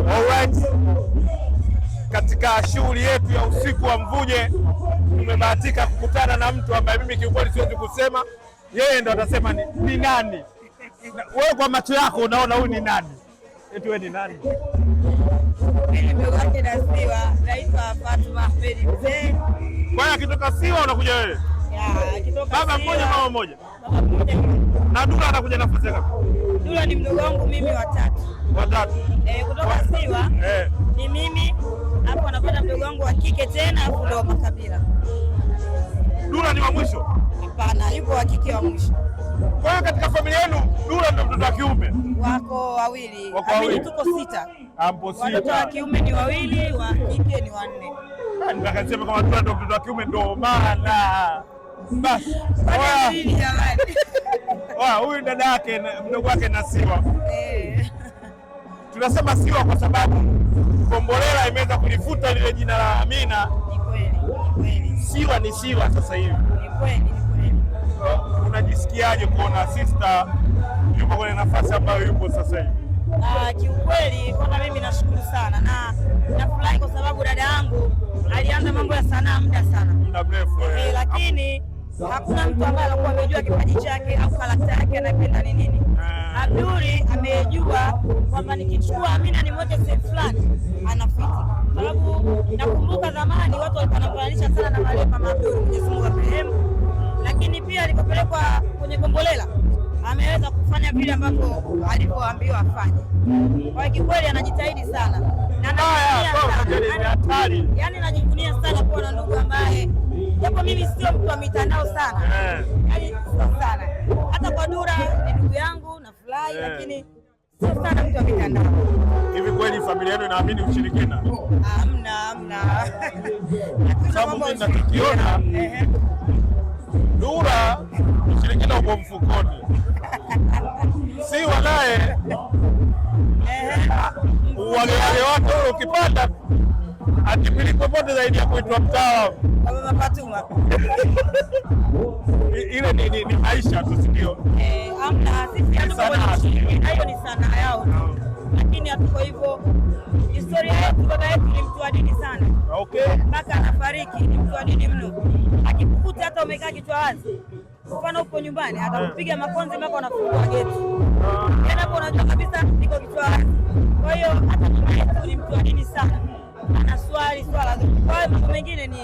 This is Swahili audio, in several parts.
Alright. katika shughuli yetu ya usiku wa Mvuje tumebahatika kukutana na mtu ambaye mimi kiukweli siwezi kusema, yeye ndo atasema ni, ni nani. Wewe kwa macho yako unaona huyu ni nani? Eti wewe ni nani? Kwa akitoka Siwa unakuja wewe? Baba mmoja mama mmoja, na duka anakuja nafasi yako Dula ni mdogo wangu mimi watatu. Watatu. Eh, kutoka Siwa. Eh. Ni mimi hapo anapata mdogo wangu wa kike tena hapo ndo makabila. Dula ni wa mwisho? Hapana, yupo wa kike wa mwisho. Kwa hiyo katika familia yenu Dula ndo mtoto wa kiume? Wako wawili. Wako wawili. Tuko sita. Hapo sita. Watoto wa kiume ni wawili, wa kike ni wanne. Ah, ndio kama Dula ndo mtoto wa kiume ndo maana basi huyu dada yake mdogo wake na Siwa eh. Tunasema Siwa kwa sababu Kombolela imeweza kulifuta lile jina la Amina. Siwa ni Siwa sasa hivi. Unajisikiaje kuona sista yupo kwenye nafasi ambayo yupo sasa hivi? Uh, kiukweli kwamba mimi nashukuru sana na ah, nafurahi kwa sababu dada yangu alianza mambo ya sanaa muda sana muda mrefu, eh. Eh, lakini Hakuna mtu ambaye anakuwa amejua kipaji chake au karakta yake anapenda ni nini. Abduli amejua kwamba nikichukua Amina ni moja sehemu fulani anafiti, sababu nakumbuka zamani watu walikuwa wanafananisha sana na wale kama Abduli Mwenyezi Mungu amrehemu, lakini pia alipopelekwa kwenye Kombolela ameweza kufanya vile ambavyo alivyoambiwa afanye. Kwa kikweli anajitahidi sana na anajivunia sana, yani anajivunia sana kuwa na ndugu ambaye japo mimi sio mtu wa mitandao sana, eh. yaani sio sana. Hata kwa Dura ni ndugu yangu na furahi, eh. lakini sio sana mtu wa mitandao. Hivi kweli familia yenu inaamini ushirikina? Hamna, hamna. Sababu mimi nakiona Dura ushirikina uko mfukoni, si walaye wale wale watu ukipanda Achukwili popote zaidi ya kuitwa mtaalamu. Ile ni, ni, ni maisha tu, si ndio? Eh, hamna sisi hayo ni sanaa yao, lakini hatuko hivyo. Historia yetu, baba yetu ni mtu wa dini sana, mpaka anafariki ni mtu wa dini mno. Akikukuta hata umekaa kichwa wazi, mfano upo nyumbani, atakupiga makonzi mpaka unafungua geti, ah. yaani hapo unajua kabisa niko kichwa wazi. Kwa hiyo hata mama yetu ni mtu wa dini sana ana swali swala. Kwa mtu mwingine ni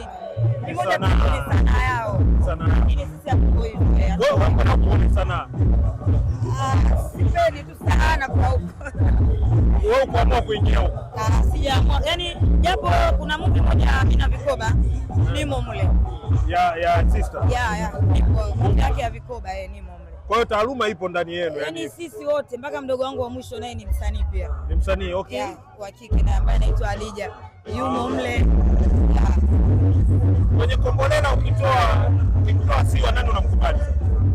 ni moja tu, ni sana yao, lakini sisi hatuko hivyo. Wewe kuona sana, ah, Sipendi tu sana kwa huko. Wewe uko hapo kuingia huko? Ah, sijaamua, yani, japo kuna mtu mmoja ina vikoba nimo mule ya ya sister ya ya yake ya vikoba, yeye eh, nimo mle. Kwa hiyo taaluma ipo ndani yenu, yaani sisi wote mpaka mdogo wangu wa mwisho naye ni msanii pia. Ni msanii okay, wa kike na ambaye anaitwa Alija yumo mle kwenye Kombolela. Ukitoa ukitoa Siwa, nani unamkubali?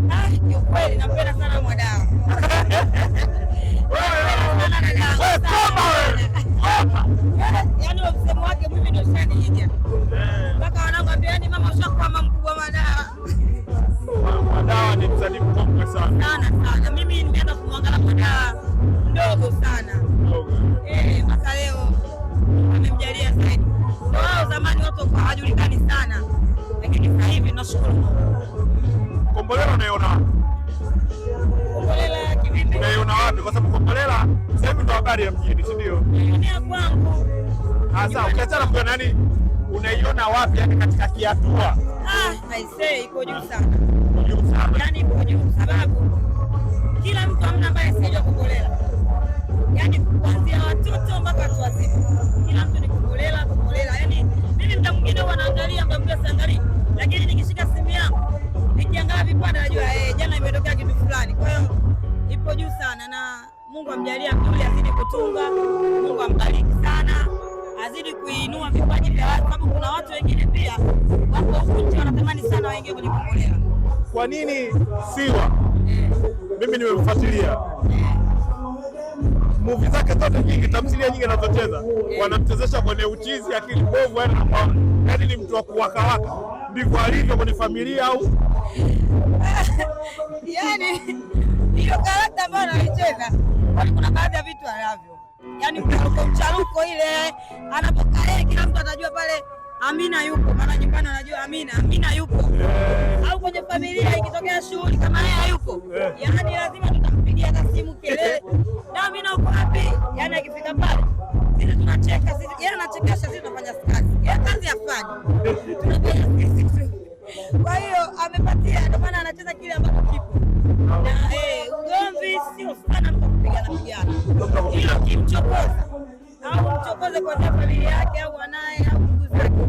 Ah, kiukweli napenda sana Mwadau. Yaani mimi ndio shaniiga mpaka wanakwambia, yaani ni msanii mkongwe sana sana sana. Mimi eh, leo amemjalia zaidi. Wao zamani watu hawajulikani sana, lakini sasa hivi tunashukuru. Kombolela unaiona Kombolela kivipi? Unaiona wapi? Kwa sababu Kombolela sasa hivi ndo habari ya mjini, si ndio? Kwangu hasa ah, ukiachana kwa nani, unaiona wapi yani katika kiatua? Ah, aisee iko juu sana. Juu sana. Yaani iko juu sababu kila mtu amna ambaye sijua Kombolela yani kuanzia watoto mpaka watu wazima, kila mtu ni kukolela kukolela. Yani mimi mda mwingine huwa naangalia, mda mwingine siangalii, lakini nikishika simu yangu nikiangalia vipande najua eh, jana imetokea kitu fulani. Kwa hiyo ipo juu sana, na Mungu amjalie Abduli azidi kutunga, Mungu ambariki sana, azidi kuinua vipaji vya watu, sababu kuna watu wengine pia wako huku nje wanatamani sana waingie kwenye kukolela. Kwa nini Siwa? Mimi nimemfuatilia eh movie zake zote nyingi, tamthilia nyingi anazocheza wanamchezesha kwenye uchizi, akili bovu, yaani, yaani ni mtu wa kuwakawaka. Ndivyo alivyo kwenye familia au yani hiyo karakta ambayo anaicheza, kuna baadhi ya vitu anavyo, yani mcharuko mcharuko ile anapoka yeye, kila mtu anajua pale Amina yupo, maana nyumbani anajua Amina, Amina yupo yeah. Au kwenye familia ikitokea shughuli kama yeye hayupo yeah. Yani lazima tutampigia simu kelele bwana yaani uko wapi? Yani akifika pale sisi tunacheka sisi, yeye yaani anachekesha sisi tunafanya kazi, yeye yaani kazi afanye, Kwa hiyo amepatia, ndio maana anacheza kile ambacho kipo na eh, ugomvi sio sana, mtu kupigana pigana, ila kimchokoza au mchokoze kwa familia yake au wanaye au ndugu zake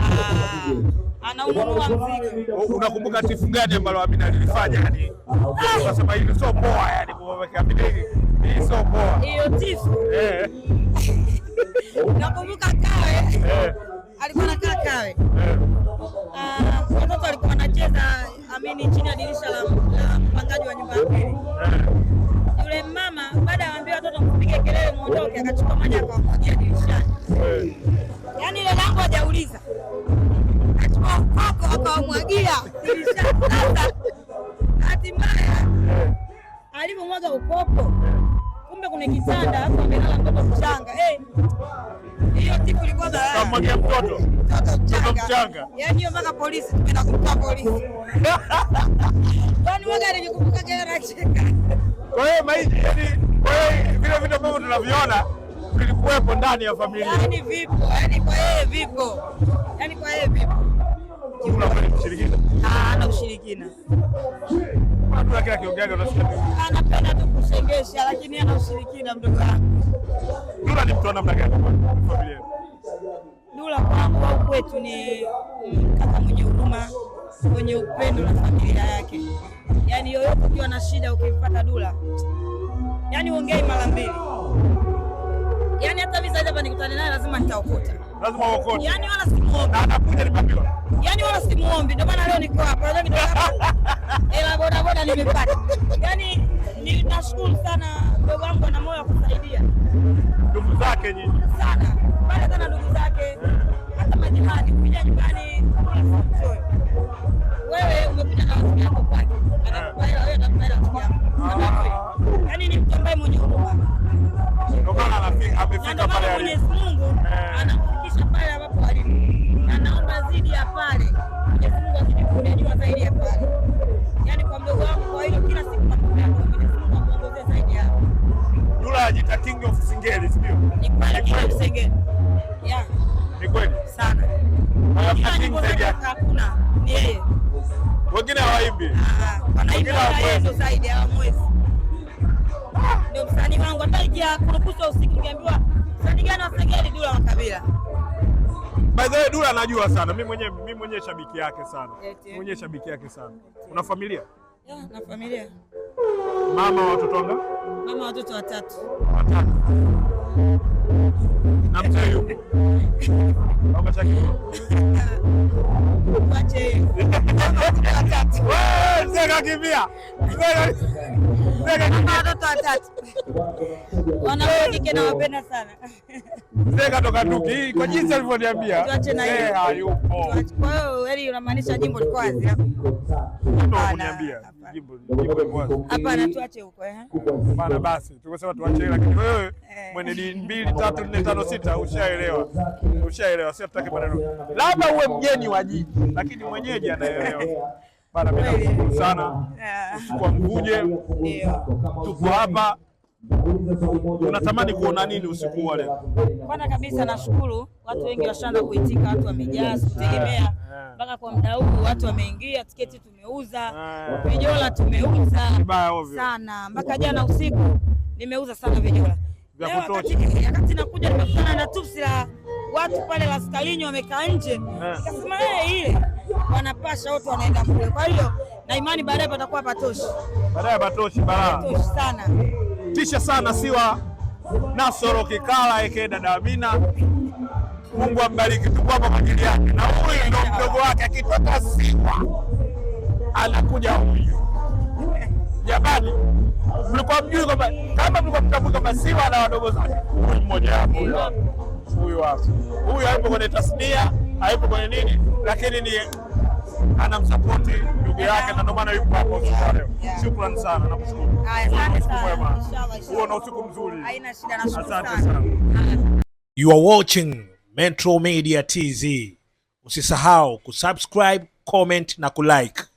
ah, Unakumbuka tifu gani ambalo Amina alifanya yani, kwa sababu hiyo sio poa yani, kwa utifu eh. nakumbuka Kawe eh. alikuwa nakaa Kawe, eh. ah, watoto walikuwa wanacheza amini chini ya dirisha la mpangaji wa nyumba ya pili. Yule mama baada ya kuambia watoto mpige kelele muondoke, akachukua maji akamwagia dirishani, yaani ile lango hajauliza, akachukua ukoko akamwagia dirishani. Sasa hatimbaya alivyomwaga ukopo kwenye kitanda hapo amelala mtoto mchanga. Eh. Hiyo tipu ilikuwa Kama ni mtoto. Mtoto mchanga. Yaani hiyo mpaka polisi tumeenda kumpa polisi. Kwani mwaga alijikumbuka kile anacheka. Kwa hiyo maisha kwa hiyo vile vitu ambavyo tunaviona vilikuwepo ndani ya familia. Yaani vipo, yaani kwa yeye vipo. Yaani kwa yeye vipo. Kuna mshirikina. Ah, na ushirikina. Anapenda tu kusengesha, lakini ana ushirikina mdogo wangu. Dula ni mtu namna gani kwa familia? Dula kwangu au kwetu ni kaka mwenye huruma, mwenye upendo na familia yake. Yaani yoyote ukiwa na shida ukimpata Dula, yaani uongei mara mbili nipambane naye, lazima nitaokota, lazima uokote. Yaani wala simuombi, anakuja nimeambiwa, Yaani wala simuombi. Ndio maana leo niko hapa, leo niko hapa, ela boda boda nimepata. Yaani ninashukuru sana ndugu wangu, ana moyo wa kusaidia ndugu zake nyinyi sana pale sana, ndugu zake hata majirani kuja nyumbani wewe umekuja na watu wako kwake, eh. anakupa hela wewe, anakupa hela watu wako ni ambaye mwenye huruma, ndio maana amefika pale alipo. Mwenyezi Mungu anakufikisha pale ambapo alipo, na zidi ya pale, Mwenyezi Mungu azidi kuniinua zaidi ya pale, yaani kwa mdogo wangu, kwa hiyo kila siku Mwenyezi zaidi hapo. Dula ajita King of Singeli, sio ni pale kwa Singeli ya ni kweli sana, hakuna ni yeye, wengine hawaimbi, wanaimba ah, yeye zaidi hawamwezi kuja kurukushwa usiku, ningeambiwa sandigana wasegeli Dula wa Kabila. By the way, Dula anajua sana mimi mwenyewe mimi mwenyewe shabiki yake sana mwenyewe shabiki yake sana. Una familia? Yeah, na familia. Mama wa watoto wangapi? Mama wa watoto watatu. Watatu. Na mzee yupo? watoto watatu wanawake nawapenda kwa jinsi alivyoniambia, hayupo. unamaanisha jimbo liko wazi? Hapana, tuache huko bana. Basi tukasema tuache, lakini wewe mwenye dini mbili tatu nne tano sita, ushaelewa, ushaelewa basi tutake maneno, labda uwe mgeni wa jiji, lakini mwenyeji anaelewa bana. Mimi nakushukuru sana ah. kwa mkuje, tuko hapa. Unatamani kuona nini usiku wa leo? Kwanza kabisa nashukuru, watu wengi washaanza kuitika, watu wamejaa, sikutegemea ah. mpaka kwa muda huu watu wameingia. Tiketi tumeuza, ah. vijola tumeuza sana, mpaka jana usiku nimeuza sana vijola. Leo wakati nakuja nimekutana na tupsi la watu pale laskalini wamekaa nje, eh. nikasema hey, eh, ile wanapasha wote wanaenda kule. Kwa hiyo na imani baadaye patakuwa patoshi, baadaye patoshi, patoshi sana, tisha sana siwa Nasoro Kikala eke dada Amina, Mungu ambariki, tuko hapa kwa ajili yake, na huyu ndo mdogo wake akitoka Siwa anakuja huyu. Jamani, mlikuwa mjui kwamba kama mlikuwa mtambui kwamba Siwa na wadogo zake huyu mmoja wapo maarufu huyu hapa. Huyu haipo kwenye tasnia, haipo kwenye nini, lakini ni ana msapoti ndugu yake na ndio maana yupo hapo leo. Shukrani sana, nakushukuru. Asante sana. Huo na usiku mzuri. Haina shida, nashukuru sana. Asante sana. You are watching Metro Media TV. Usisahau kusubscribe, comment na kulike.